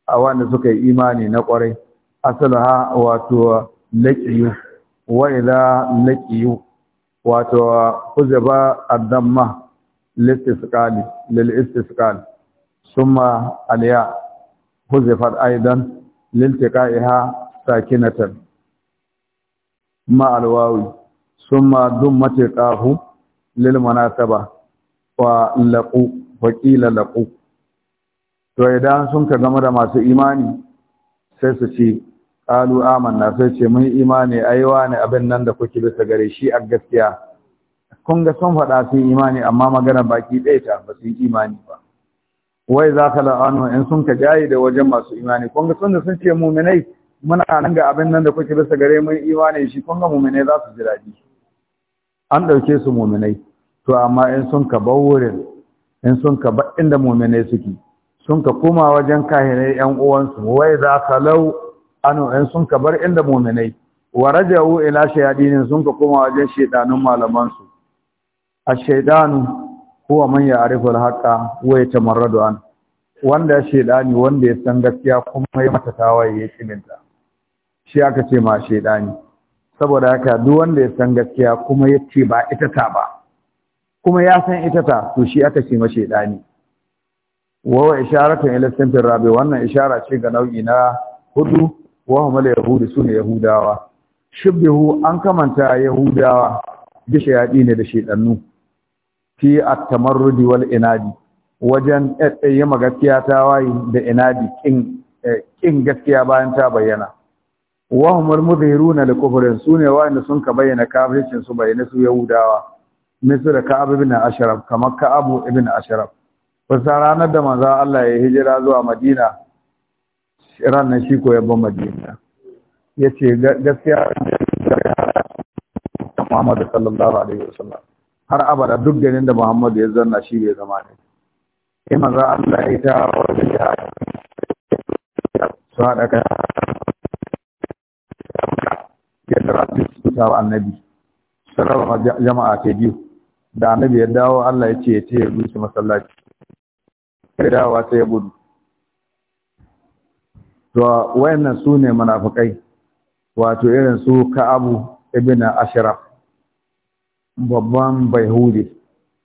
a wanda suka yi imani na kwarai asalaha wato laqiyu wa idha laqiyu wato kuzaba addamma للاستثقال للاستثقال ثم الياء حذفت ايضا لالتقائها ساكنه مع الواو ثم ضمت القاف للمناسبه ولقوا وقيل لقوا to idan sun ka gama da masu imani sai su ce qalu amanna sai ce mun imani aiwa ne abin nan da kuke bisa gare shi a gaskiya kun ga sun faɗa sun imani amma magana baki ɗaya ta ba sun imani ba wai za ka la'anu in sun ka jayi da wajen masu imani kun ga sun da sun ce muminai muna nan ga abin nan da kuke bisa gare mun imani shi kun ga muminai za su ji daɗi an ɗauke su muminai to amma in sun ka bawurin in sun ka bar inda muminai suke sun ka koma wajen kahinai yan uwansu wai za ka lau anu in sun ka bar inda muminai wa raja'u ila shayadinin sun ka koma wajen shedanun malamansu ash-shaytanu huwa man ya'rifu al-haqqa wa yatamarradu an wanda shaydani wanda ya san gaskiya kuma ya mata tawaye ya kiminta shi aka ce ma shaydani saboda haka duk wanda ya san gaskiya kuma ya ce ba ita ta ba kuma ya san ita ta to shi aka ce ma shaydani wa isharatun ila sintir rabi wannan ishara ce ga nau'i na hudu wa hum yahudi sune yahudawa shibbihu an kamanta yahudawa bi shayadi ne da shedannu fi at-tamarrudi wal inadi wajen eh, eh, yi gaskiya ta wayi da inadi ƙin eh, gaskiya bayan ta bayyana wa humul mudhiruna li kufrin sune wa'anda sun ka bayyana kafircin su bayyana su yahudawa misra ka'ab ibn ashraf kamar ka'ab ibn ashraf wasa ranar da manzo Allah ya hijira zuwa madina ranar shi ko yabban madina yace gaskiya Muhammad sallallahu alaihi wasallam har abada duk ganin da Muhammadu ya zanna shi bai zama ne sai eh, maza Allah ya ta wani da su haɗa ka ya tara su ta annabi sarrafa jama'a ta biyu da annabi ya dawo Allah ya ce ya ce ya rushe masallaci ya dawo sai ya gudu to wayannan su ne munafikai wato irin su Ka'abu ibn Ashraf babban bayhudi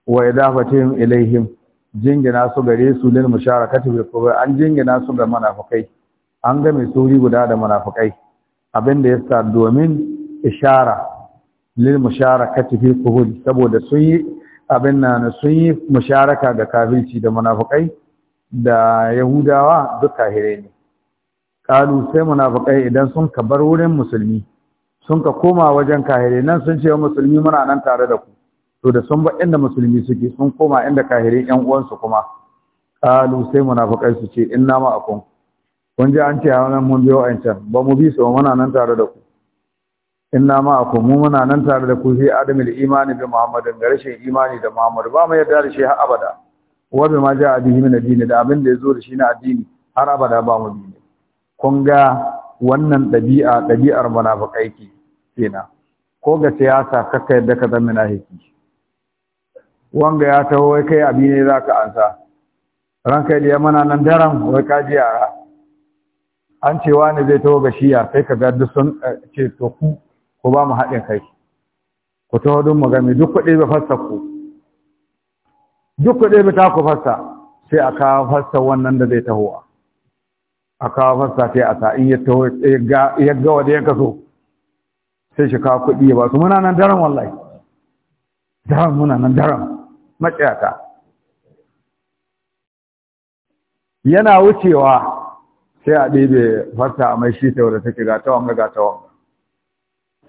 wa idafatihim ilaihim jingina su gare su lil musharakati bil kufar an jingina su ga munafikai an ga mai suri guda da munafikai abinda yasa domin ishara lil musharakati bil kufar saboda sun yi abin nan sun yi musharaka ga kafirci da munafikai da yahudawa duka hire ne kalu sai munafikai idan sun kabar wurin musulmi sun ka koma wajen kahire nan sun ce musulmi muna nan tare da ku to da sun ba inda musulmi suke sun koma inda kahire yan uwansu kuma kalu sai munafikai su ce inna ma akum kun ji an ce nan mun biyo can, ba mu bi su muna nan tare da ku inna ma akum mu muna nan tare da ku sai adamul imani bi muhammadin da rashin imani da muhammad ba mu yarda da shi har abada wa bi ma ja'a bihi min addini da abin da yazo da shi na addini har abada ba mu bi kun ga wannan ɗabi'a ɗabi'ar munafikai ke kenan ko ga siyasa kakka yadda ka zama na munafiki wanga ya taho wai kai abi ne ka ansa ranka ya mana nan daren wai ka ji yara an ce wani zai taho ga shiya sai ka ga duk sun eh, ce to ku ko ba mu haɗin kai ku taho don gami duk kuɗi ba fassa ku duk kuɗi ba ta ku fassa sai a kawo fassa wannan da zai tahowa a kawo fassa ta a sa'in ya taho ya ga wanda ya kaso sai shi kawo kuɗi ya ba su muna nan daren wallahi daren muna nan daren matsayata yana wucewa sai a ɗebe farta a mai shi ta wadda take gatawan ga gatawan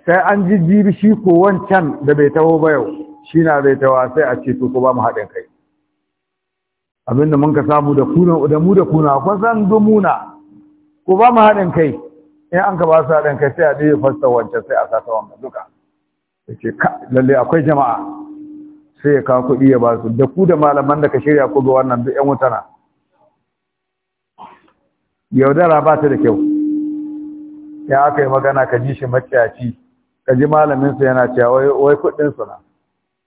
sai an ji jibi shi ko wancan da bai taho ba yau shi na zai tawa sai a ce ko ba mu haɗin kai abinda mun ka samu da kuna da mu da kuna kun san dumuna ku ba mu haɗin kai in an ka ba su haɗin kai sai a ɗaya fasta wancan sai a sata wanda duka lalle akwai jama'a sai ya kawo kuɗi ya ba su da ku da malaman da ka shirya ku ga wannan duk 'yan wutana yaudara ba ta da kyau ya aka yi magana ka ji shi maciyaci ka ji malaminsa yana cewa wai kuɗinsu na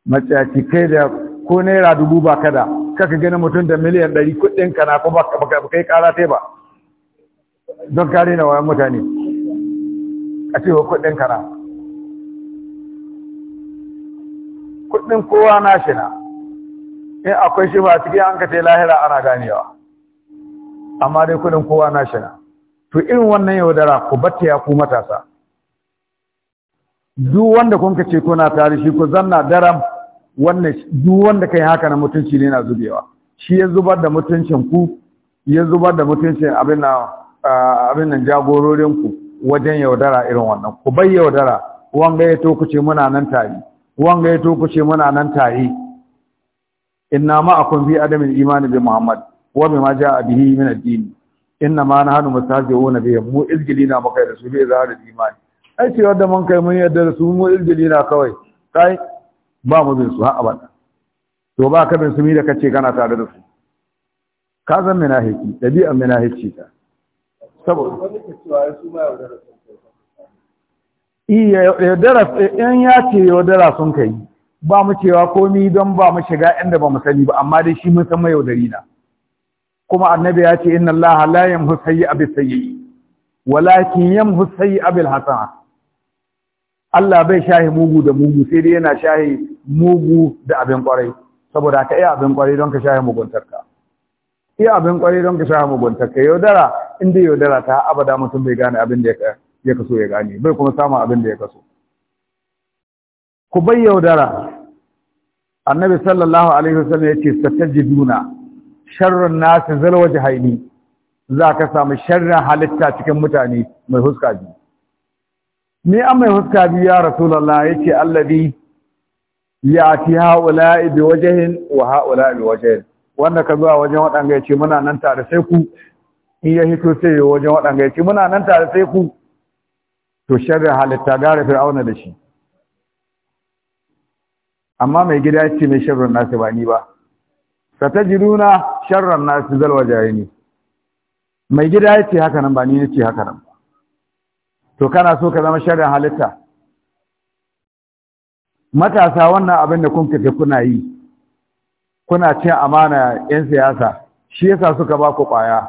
maciyaci kai da ko naira dubu ba kada kaka gani mutum da miliyan ɗari kuɗinka na ko ba kai ƙara ba don kare na wayan mutane a cewa kudin kara kudin kowa na shi na in akwai shi ba cikin an ka ce lahira ana ganewa amma dai kudin kowa na shi na to irin wannan yaudara ku batta ya ku matasa duk wanda kun ka ce kuna tare shi ku zanna daram wannan duk wanda kai haka na mutunci ne na zubewa shi ya zubar da mutuncin ku ya zubar da mutuncin abin na abin nan jagororinku wajen yaudara irin wannan ku bai yaudara wanga ya tokuce muna nan tare wanga ya tokuce muna nan tare inna ma akun bi adamin imani bi muhammad wa bima jaa bihi min ad-din inna ma nahnu mustahzi'una bi mu izgilina maka da su bi izharin imani ai ce wanda mun kai mun yarda su mu izgilina kawai kai ba mu bin su ha abada to ba ka bin su mi da kace kana tare da su ka zan minahiki dabi'an minahiki ta saboda iya yaudara ya ce yaudara sun kai ba mu cewa komi don ba mu shiga inda ba mu sani ba amma dai shi mun san yaudari na kuma annabi ya ce inna Allah la yamhu sayyi'a Abil sayyi walakin yamhu hasana Allah bai shahi mugu da mugu sai dai yana shahi mugu da abin kwarai saboda ka yi abin kwarai don ka shahi muguntarka iya abin ƙwari don ka sha mugunta ka yaudara inda yaudara ta abada mutum bai gane abin da ya kaso ya gane bai kuma samun abin da ya kaso ku bai yaudara annabi sallallahu alaihi wasallam ya ce duna sharrun nasi zalwaji haini za ka samu sharrin halitta cikin mutane mai huska biyu ni an mai huska biyu ya rasulullah ya ce allabi ya ti ha'ula'i bi wajahin wa ha'ula'i bi wajahin wanda ka zuwa wajen waɗanga ya ce muna nan tare sai ku in ya hito sai ya wajen waɗanga ya ce muna nan tare sai ku to sharri halitta gara auna da shi amma mai gida ya ce mai sharrin nasu ba ni ba nuna sharran nasu zalwa ne mai gida ya ce haka nan ba ni ce haka nan to kana so ka zama sharrin halitta matasa wannan abin da kun kafe kuna yi kuna cin amana 'yan siyasa shi yasa suka ba ku ƙwaya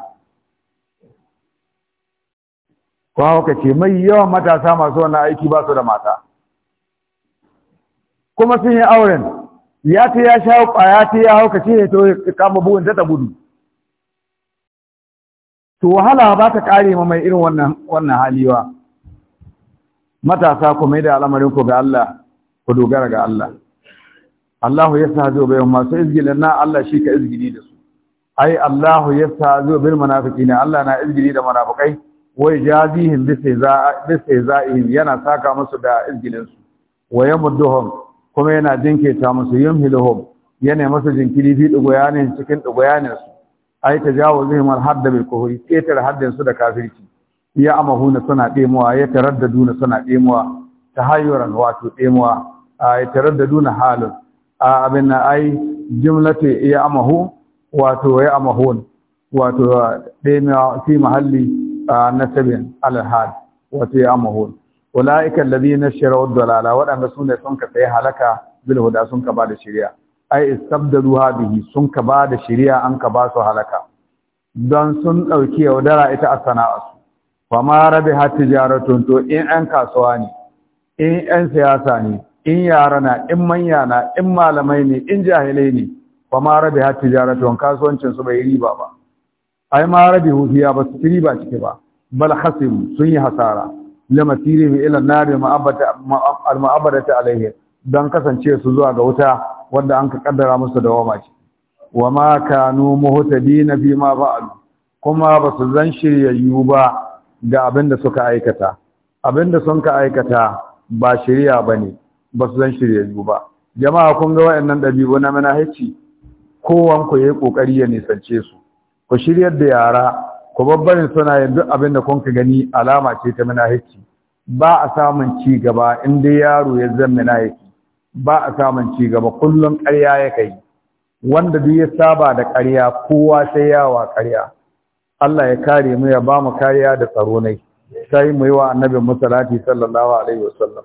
kwa ce mai yawan matasa masu wannan aiki ba su da mata kuma sun yi auren ya ce ya sha ƙwaya ta ya hauka ce ya to kama buwan ta gudu to wahala ba ta ƙare ma mai irin wannan wannan haliwa matasa ku mai da al'amarin ku ga Allah ku dogara ga Allah Allah ya sa yastahzi bihim masu izgili na Allah shi ka izgili da su ai Allah ya sa zo bil munafiqina Allah na izgili da munafikai wa yajazihim bisaiza'ihim yana saka musu da izgilin su wa kuma yana dinketa musu yumhiluhum yana musu jinkiri fi dugoyanin cikin dugoyanin su ai tajawuzihim al hadda bil kuhri ketar haddin su da kafirci ya amahuna suna demuwa ya taraddaduna suna demuwa tahayyuran wato demuwa ya taraddaduna halun a abin na ai jimlata ya amahu wato ya amahun wato ɗaya fi mahalli sabin alhad wato ya amahun ulaika alladhina sharaw ad-dalala wadanda sune sun ka sai halaka bil huda sun ka bada shari'a ai istabdalu bihi sun ka bada shari'a an ka ba su halaka don sun ɗauki yaudara ita a sana'arsu fa ma har tijaratun to in an kasuwa ne in an siyasa ne in yara na in manya na in malamai ne in jahilai ne ba ma rabi har tijaratun kasuwancin su bai riba ba ai ma rabi hufiya ba su riba cike ba bal hasim sun yi hasara lama sirihim ila nari al maabata alaihi dan kasance su zuwa ga wuta wanda an ka kaddara musu da wama ce wa ma kanu muhtadin fi ma fa'alu kuma ba su zan shiryayyu ba ga abin da suka aikata abin da sun ka aikata ba shirya bane ba su zan shirya yanzu ba jama'a kun ga wa'annan ɗabi'u na manahici kowan ku yi ƙoƙari ya nisance su ku shiryar da yara ku babbarin suna yin duk abin da kun ka gani alama ce ta manahici ba a samun ci gaba in dai yaro ya zan manahiki ba a samun ci gaba kullum ƙarya ya kai wanda duk ya saba da ƙarya kowa sai yawa ƙarya Allah ya kare mu ya ba mu kariya da tsaro nai sai mu yi wa annabin musalati sallallahu alaihi wasallam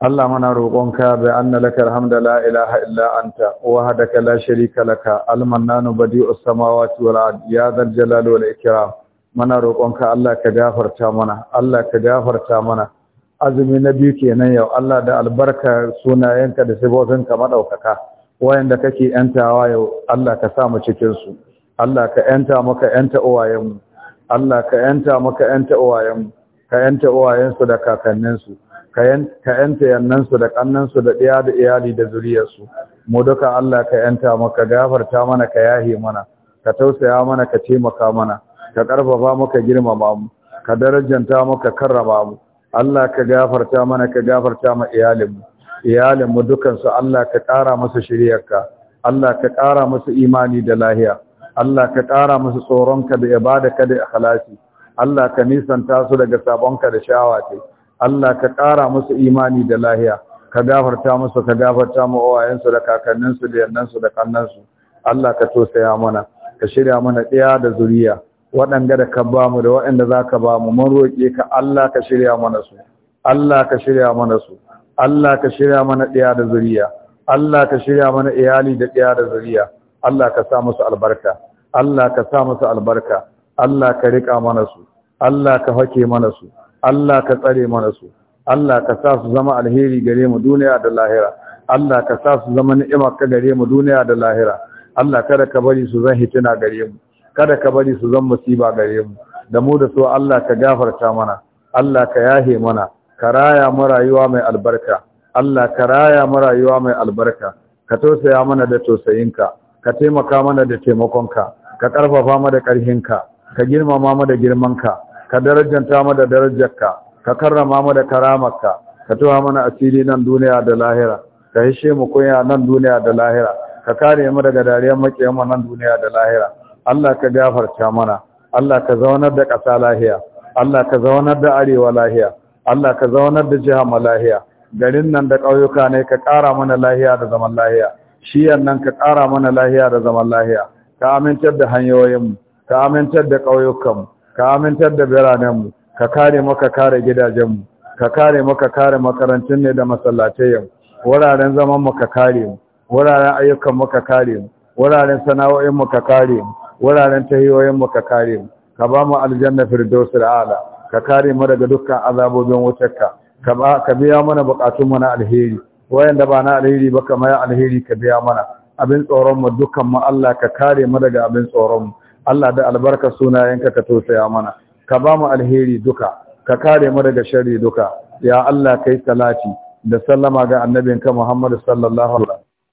Allah mana roƙonka bai anna laka alhamda la ilaha illa anta wahdaka la sharika laka almannanu badi'us samawati wal ard ya dhal jalali wal ikram muna roƙonka Allah ka gafarta mana Allah ka gafarta mana azumi na biyu kenan yau Allah da albarka sunayenka da sifofinka madaukaka wayanda kake yantawa yau Allah ka sa mu cikin su Allah ka yanta maka yanta uwayenmu Allah ka yanta maka yanta ka yanta uwayensu da kakanninsu ka yanta yannansu da kannansu da ɗaya da iyali da zuriyarsu mu duka Allah ka yanta maka gafarta mana ka yahe mana ka tausaya mana ka taimaka mana ka ƙarfafa maka girmama mu ka darajanta maka karrama mu Allah ka gafarta mana ka gafarta ma iyalinmu iyalinmu dukansu Allah ka ƙara musu shiryarka Allah ka ƙara musu imani da lahiya Allah ka ƙara musu tsoronka da ibadaka da ikhlasi Allah ka nisanta su daga sabonka da shawati Allah ka ƙara musu imani da lahiya ka gafarta musu ka gafarta mu uwayensu da kakanninsu da yannansu da kannansu Allah ka tosaya mana ka shirya mana ɗaya da zuriya waɗanda da ka ba mu da waɗanda za ka ba mu mun roƙe ka Allah ka shirya mana su Allah ka shirya mana su Allah ka shirya mana ɗaya da zuriya Allah ka shirya mana iyali da ɗaya da zuriya Allah ka sa musu albarka Allah ka sa musu albarka Allah ka riƙa mana su Allah ka hake mana su Allah ka tsare mana su Allah ka sa su zama alheri gare mu duniya da lahira Allah ka sa su zama ni'ima ka gare mu duniya da lahira Allah kada ka bari su zan hitina gare mu kada ka bari su zan musiba gare mu da mu da su Allah ka gafarta mana Allah ka yahe mana ka raya mu rayuwa mai albarka Allah ka raya mu rayuwa mai albarka ka tausaya mana da tausayinka ka taimaka mana da taimakonka ka karfafa mana da karhinka ka girmama mana da ka. ka darajanta mu da darajarka ka karrama mu da karamarka ka tuwa mana asiri nan duniya da lahira ka hishe mu kunya nan duniya da lahira ka kare mu daga dariyar makiyan mu nan duniya da lahira Allah ka gafarta mana Allah ka zaunar da ƙasa lahiya Allah ka zaunar da arewa lahiya Allah ka zaunar da jiha malahiya lahiya garin nan da ƙauyuka ne ka ƙara mana lahiya da zaman lahiya shiyan nan ka ƙara mana lahiya da zaman lahiya ka amintar da hanyoyinmu ka amintar da ƙauyukanmu ka amintar da biranenmu ka kare maka kare gidajenmu ka kare maka kare makarantun ne da masallatayen wuraren zaman mu ka kare mu wuraren ayyukan mu ka kare mu wuraren sana'o'in mu ka kare mu wuraren tahiyoyin mu ka kare mu ka ba mu aljanna firdausul a'la ka kare mu daga dukkan azabobin wutarka ka ka biya mana bukatun mu na alheri wayanda ba na alheri ba kamar alheri ka biya mana abin tsoron mu dukkan mu Allah ka kare mu daga abin tsoron mu Allah da albarka sunayenka ka tausaya mana ka ba mu alheri duka ka kare mu daga sharri duka ya Allah kai salati da sallama ga annabinka Muhammad sallallahu alaihi wasallam